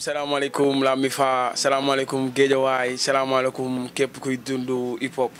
salaamaaleykum fa Mifa salaamaaleykum Géejawaay salaamaaleykum képp kuy dund hip hop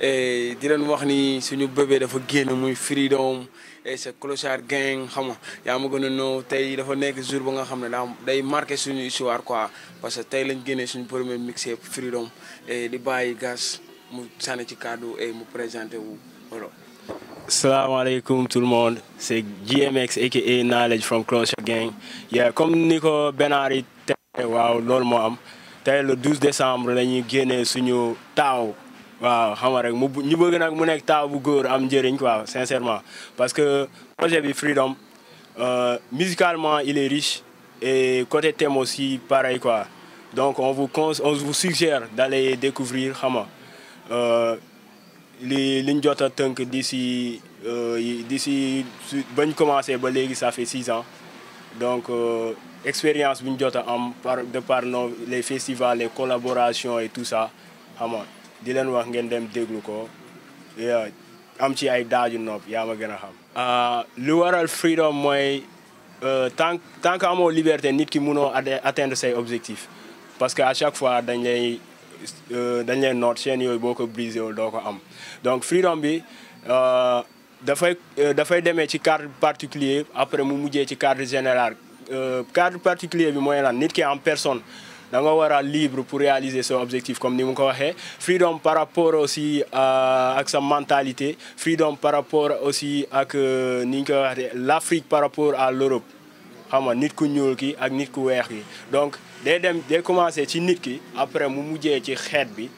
eh, di leen wax ni suñu bébé dafa génn muy freedom et eh, sa clochard gang xam nga yaa ma gën a noo tey dafa nekk jour ba nga xam ne daa day marqué suñu histoire quoi parce que tey lañ génne suñu premier mixtape freedom eh, di bàyyi gas mu sànni ci kàddu et mu présenté wu voilà. salaamaaleykum tout le monde c'est GMX aka Knowledge from Closer Gang yeah comme ni ko Eh, waaw loolu moo am le 12 décembre la ñuy génnee suñu taaw waaw xam rek mu ñu bëgg nag mu nekk bu am quoi sincèrement parce que projet bi Freedom euh, musicalement il est riche et côté thème aussi pareil quoi donc on vous on vous suggère d'aller découvrir xam nga euh, li li jot a tënk d'ici euh, d'ici bañ commencé ba ça fait six ans donc euh, expérience bi ñu par de par nos les festivals les collaborations et tout ça xam nga di leen wax ngeen dem déglu ko euh, am ci ay daaju nopp le ma xam. Euh, freedom moi tant tant que amoo liberté nit ki atteindre ses objectifs parce que à chaque fois dañ lay dañ lay noot chaîne yooyu boo ko brisé wul ko am donc freedom bi dafay euh, dafay demee ci cadre particulier après mu mujjee ci cadre général euh, cadre particulier bi mooy là nit ki en personne da nga war libre pour réaliser son objectif comme ni mu ko freedom par rapport aussi euh, ak sa mentalité freedom par rapport aussi ak ni ñu l'Afrique par rapport à l'Europe xam nga nit ku ñuul ki ak ku donc dès dem day commencer ci nit ki après mu mujjee ci xeet bi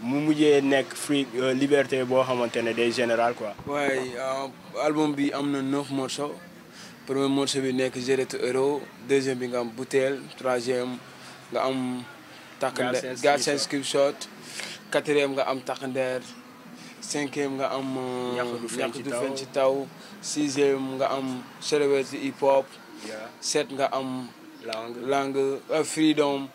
mu mujjee nekk Free euh, Liberté boo xamante ne day général quoi. waaye euh, album bi am na neuf morceaux premier morceau bi nekk Gérétu Euro deuxième bi nga am Boutel troisième nga am. Takkandeer Gas Inscription quatrième nga am Takkandeer cinquième nga am. Euh, ñàkk du fen ci taw sixième nga am Célébrité hip hop. sept nga am. langue freedom.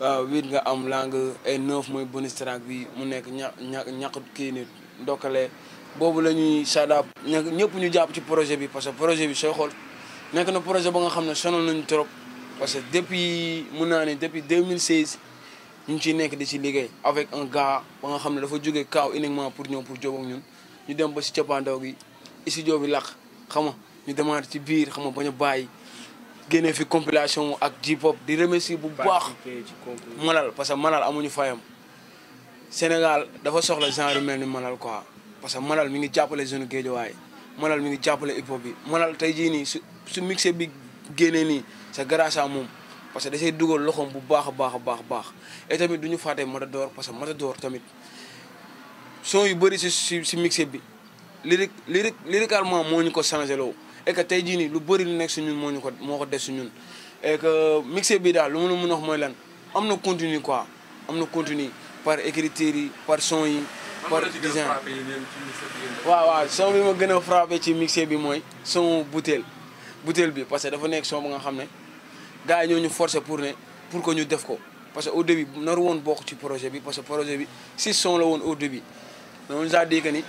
waaw huit nga am langue ay neuf mooy bonus track bi mu nekk ña ña ñaq kii nit ndokkale boobu la ñuy sadab ñëpp ñu jàpp ci projet bi parce que projet bi sooy xool nekk na projet ba nga xam ne sonal nañu trop parce que depuis mun naa ne depuis deux mille 2016 ñu ngi ciy nekk di ci liggéey avec un gars ba nga xam ne dafa jógee kaaw uniquement pour ñoom pour job ak ñun ñu dem ba si cappaandaw gi studio bi làq xam nga ñu demaat ci biir xam nga bañ a bàyyi génne fi compilation ak J-pop di remercier bu baax Malal parce que Malal amuñu fayam Sénégal dafa soxla genre mel ni Malal quoi parce que Malal mi ngi jàppale jeune Guédiawaye Malal mi ngi jàppale hip hop bi Malal tey jii nii su su mixé bi génnee nii c'est grâce à moom parce que da dugal loxoom bu baax baax a baax baax et tamit du ñu fàtte door parce que door tamit son yu bëri si si si mixé bi lyrique lyrique lyricalement moo ñu ko changé loo et que tey jii lu bëri lu nekk si ñun moo ñu ko moo ko def ñun et que mixé bi daal lu ma la mën wax moy lan amna continue quoi amna continue par écriture yi par son yi par design wa wa son bi ma gëna a frappé ci mixé bi moy son bouteille, bouteille bi parce que dafa nek son nga xamné gaay gars yi ñoo ñu pour ne pour que ñu def ko parce que au début naru won bokk ci projet bi parce que projet bi six son la won au début mais on nous a dit que ni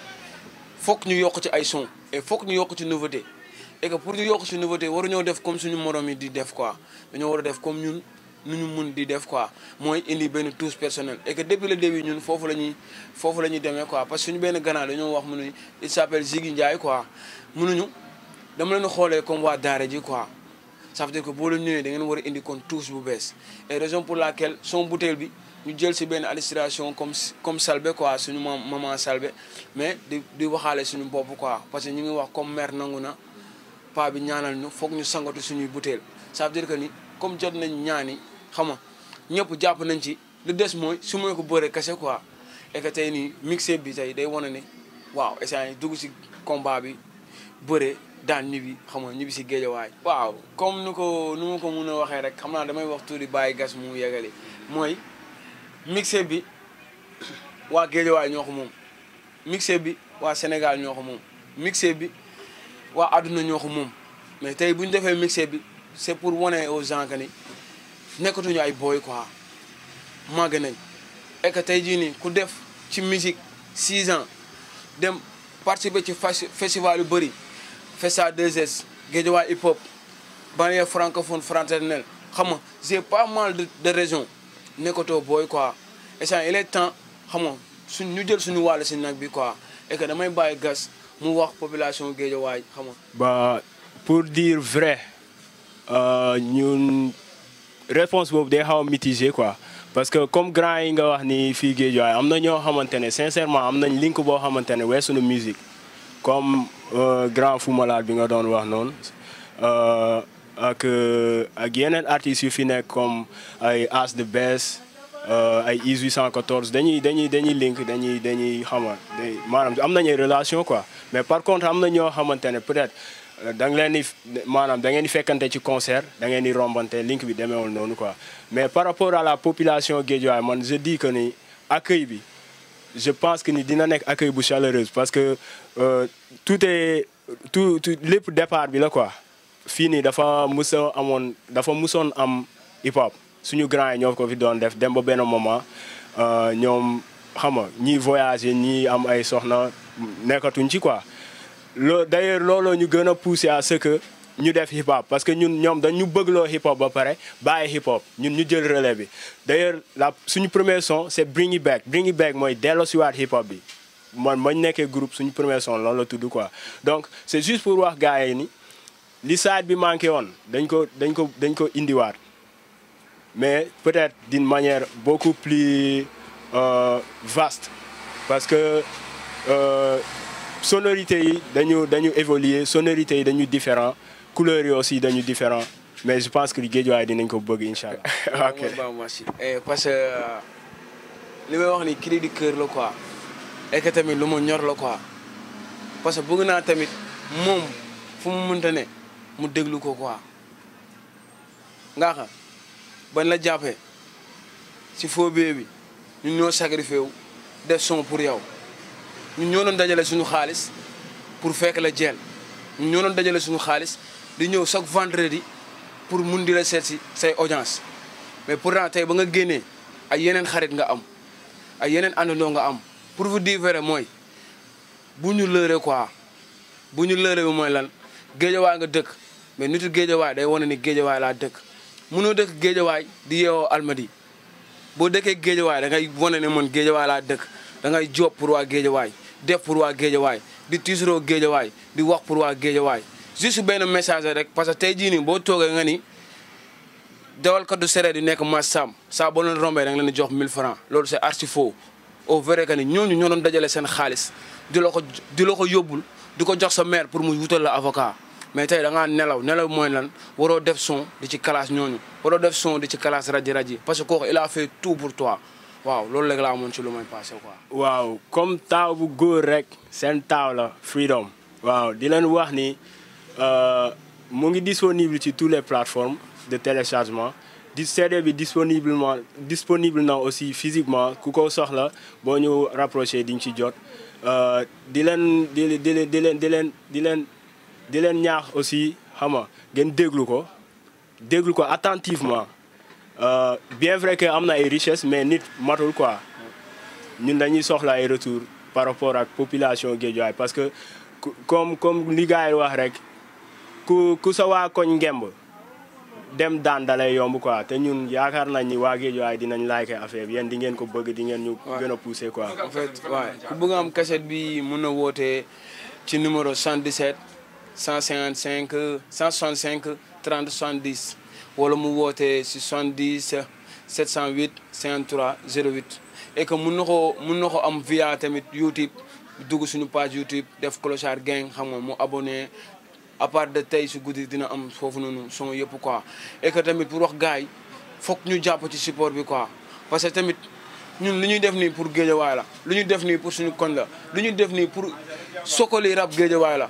fokk ñu yokk ci ay son et fokk ñu yokk ci nouveauté et que pour ñu yokk si nouveauté waruñoo def comme suñu morom yi di def quoi dañoo wara def comme ñun nu ñu mun di def quoi moy indi benn tous personnel et que depuis le début ñun fofu lañuy fofu lañuy démé quoi parce que suñu benn ganaar dañoo wax mënu il s'appelle Ziggy Ndiaye quoi mënuñu dama leen xolé comme wa daara ji quoi ça veut dire que boo leen ñëwee da ngeen wara indi kon tous bu bees et raison pour laquelle son bouteille bi ñu jël ci benn illustration comme comme salbe quoi suñu maman salbe. mais di di waxale suñu bopp quoi parce que ñu ngi wax comme mère nanguna paa bi ñaanal ñu foog ñu sangatu suñuy butéel ça veut dire que ni comme jot nañ ñaani xam nga ñëpp jàpp nañ ci lu des mooy su ma ko bëree kese quoi et que tey nii mixé bi tey day wane ne waaw essai dugg si combat bi bëre daan ñibbi xam nga ñibbi si géejawaay waaw comme nu ko nu ma ko mun a waxee rek xam naa damay wax tuuti bàyyi gas mu yegali mooy mixé bi waa géejawaay ñoo ko moom mixé bi waa Sénégal ñoo ko moom mixé bi. waa àdduna ñoo ko mais tay bu défé defee mixé bi c'est pour woné aux gens que ni nekkatuñu ay boy quoi màgg nañ et que tey jii ku def ci musique 6 ans dem participer ci festival yu bari Festa 2S Guédiawaye hip hop banlieue francophone fraternelle xam nga j'ai pas mal de de raisons nekkatoo boy quoi et ça il est temps xam nga suñu ñu jël suñu wàll si nak bi quoi et que damay baye gas mu wax population Guédiawaye xam ba pour dire vrai euh, ñun réponse boobu day xaw mitigé quoi parce que comme grand yi nga wax ni fii Guédiawaye am na ñoo sincèrement am nañ link boo xamante ne weesu musique comme euh, grand Fou Malade bi nga doon wax noonu euh, ak ak yeneen artistes yu fi nekk comme ay As the Best. Euh, ay 814 dañuy dañuy dañuy link dañuy dañuy xama manam am nañu relation quoi mais par contre am na ñoo peut-être euh, dang nga leen di maanaam da ngeen di fekkante ci concert da ngeen di rombante link bi demeewul noonu quoi mais par rapport à la population Guédiawaye man je dis que ni accueil bi je pense que ni dina nek accueil bu chaleureuse parce que euh, tout est tout tout lépp départ bi la quoi fii nii dafa musa amoon dafa musoon am hip hop suñu grand ñoo ko fi doon def dem ba benn moment euh ñom xama ñi voyager ñi am ay soxna nekatuñ ci quoi. d'ailleurs lolo ñu gëna pousser à ce que ñu def hip hop parce que ñun ñom dañu bëgg lo hip hop ba paré baay hip hop ñun ñu jël relais bi. d'ailleurs la suñu premier son c'est Bring It Back Bring It Back moy délo ci war hip hop bi man mañ ñu groupe suñu premier son loolu tuddu quoi donc c'est juste pour wax gaay ni li saat bi manké won dañ ko dañ ko dañ ko indiwaat mais peut-être d'une manière beaucoup plus euh, vaste parce que euh, sonorité, yi dañu dañu évoluer sonorité yi dañu différent couleur yi aussi dañu différent mais je pense que Guédiawaye dinañ ko bëgg incha allah. ok eh, parce que euh, li may wax ni cri cœur la quoi et que tamit lu mu ñor là quoi parce que bëgg naa tamit moom fu mu mënta ne mu déglu ko quoi nga ban la jàppee si foobee bi ñu ñoo sacrifié wu def son pour yow ñun ñoo noon dajale suñu xaalis pour fekk la jeel ñun ñoo noon dajale suñu xaalis di ñëw chaque vendredi pour mun di la seet say audience mais pourtant tey ba nga génnee ay yeneen xarit nga am ay yeneen àndandoo nga am pour vous dire vrai mooy bu ñu lëre ko bu ñu lëre bi mooy lan géejawaay nga dëkk mais nitu géejawaay day wane ni géejawaay laa dëkk mënoo dëkk géejawaay di yeewoo almadi boo dëkkee géejawaay da ngay wane ne man géejawaay laa dëkk da ngay job pour waa géejawaay def pour waa géejawaay di tiisuroo géejawaay di wax pour waa géejawaay juste benn message rek parce que tey jii nii boo toogee nga ni dawal dawalkat du seree di nekk Mass Sam saa boo leen rombee da nga ni jox 1000 francs loolu c'est archi faux au vrai que ni ñooñu ñoo doon dajale seen xaalis di la ko di la ko yóbbul di ko jox sa mère pour mu wutal la avocat mais tay da nga nelaw nelaw moy lan waroo def son di ci classe ñooñu waroo def son di ci classe rajo rajo parce que kooku il a fait tout pour toi waaw loolu rek la amoon ci lu may passé quoi. waaw comme taw bu góor rek seen taw la Freedom. waaw di leen wax ni euh, mu ngi disponible ci toutes les plateformes de téléchargement. di CD bi disponiblement disponible na aussi physiquement ku ko soxla boo ñu rapproché di ci jot di leen di di di leen di leen di leen. di leen ñaax aussi xam nga ngeen déglu ko déglu ko attentivement euh, bien vrai que am na ay richesse mais nit matul quoi ñun dañuy soxla ay retour par rapport ak population Guédiawaye parce que comme comme li gars yi wax rek ku ku sa waa koñ ngemb dem daan dalay yomb quoi te ñun yaakaar nañ ni waa Guédiawaye dinañ like affaire bi yéen di ngeen ko bëgg di ngeen ñu gën a poussé quoi en fait ku bëgg am cassette bi mun a woote ci numéro 77 155 165 30 70 wala mu wote 70 708 53 08 et que mun na koo mun am via tamit YouTube dugg suñu page YouTube def Clochard Gang xam nga mu abonné à part de tay su goudi dina am foofu noonu son yépp quoi et que tamit pour wax gaay yi ñu japp ci support bi quoi parce que tamit ñun li ñuy def ni pour géejawaay la lu ñuy def ni pour suñu kon la lu ñuy def ni pour sokoli rab géejawaay la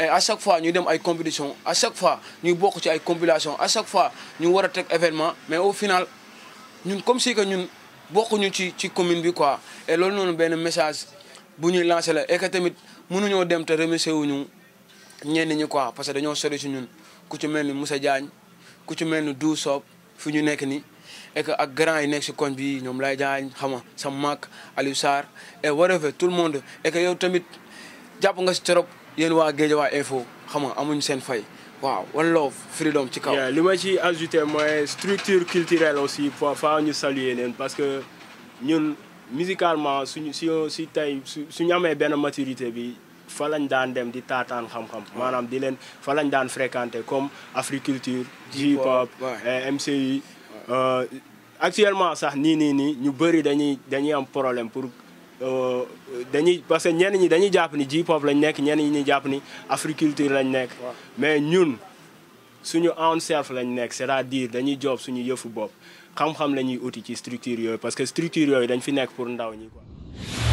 et à chaque fois nous avons une compétition à chaque fois nous avons une compilation à chaque fois nous avons a événement mais au final ñun comme si que ñun bokkuñu ci ci commune bi quoi et message bu lancé et que tamit te remercier wuñu quoi parce que nous ñun ku ci nous et que grand et whatever tout le monde et que yow tamit wa waa wa info xam nga amuñ seen fay waaw one love freedom ci kaw. ci structure culturelle aussi pour ñu saluer leen parce que ñun musicalement suñu si si tey suñu maturité bi. fa lañ daan dem di taataan xam-xam maanaam di leen fa lañ fréquenter comme hip hop MCI actuellement sax nii nii nii ñu problème pour dañuy parce que ñenn ñi dañuy jàpp ni J-pop lañ nekk ñenn ñi ñuy jàpp ni africulture lañ nekk. mais ñun suñu own self lañ nekk c'est-à-dire dañuy job suñu yëfu bopp xam-xam la ñuy uti ci structure yooyu parce que structure yooyu dañ fi nekk pour ndaw ñi quoi.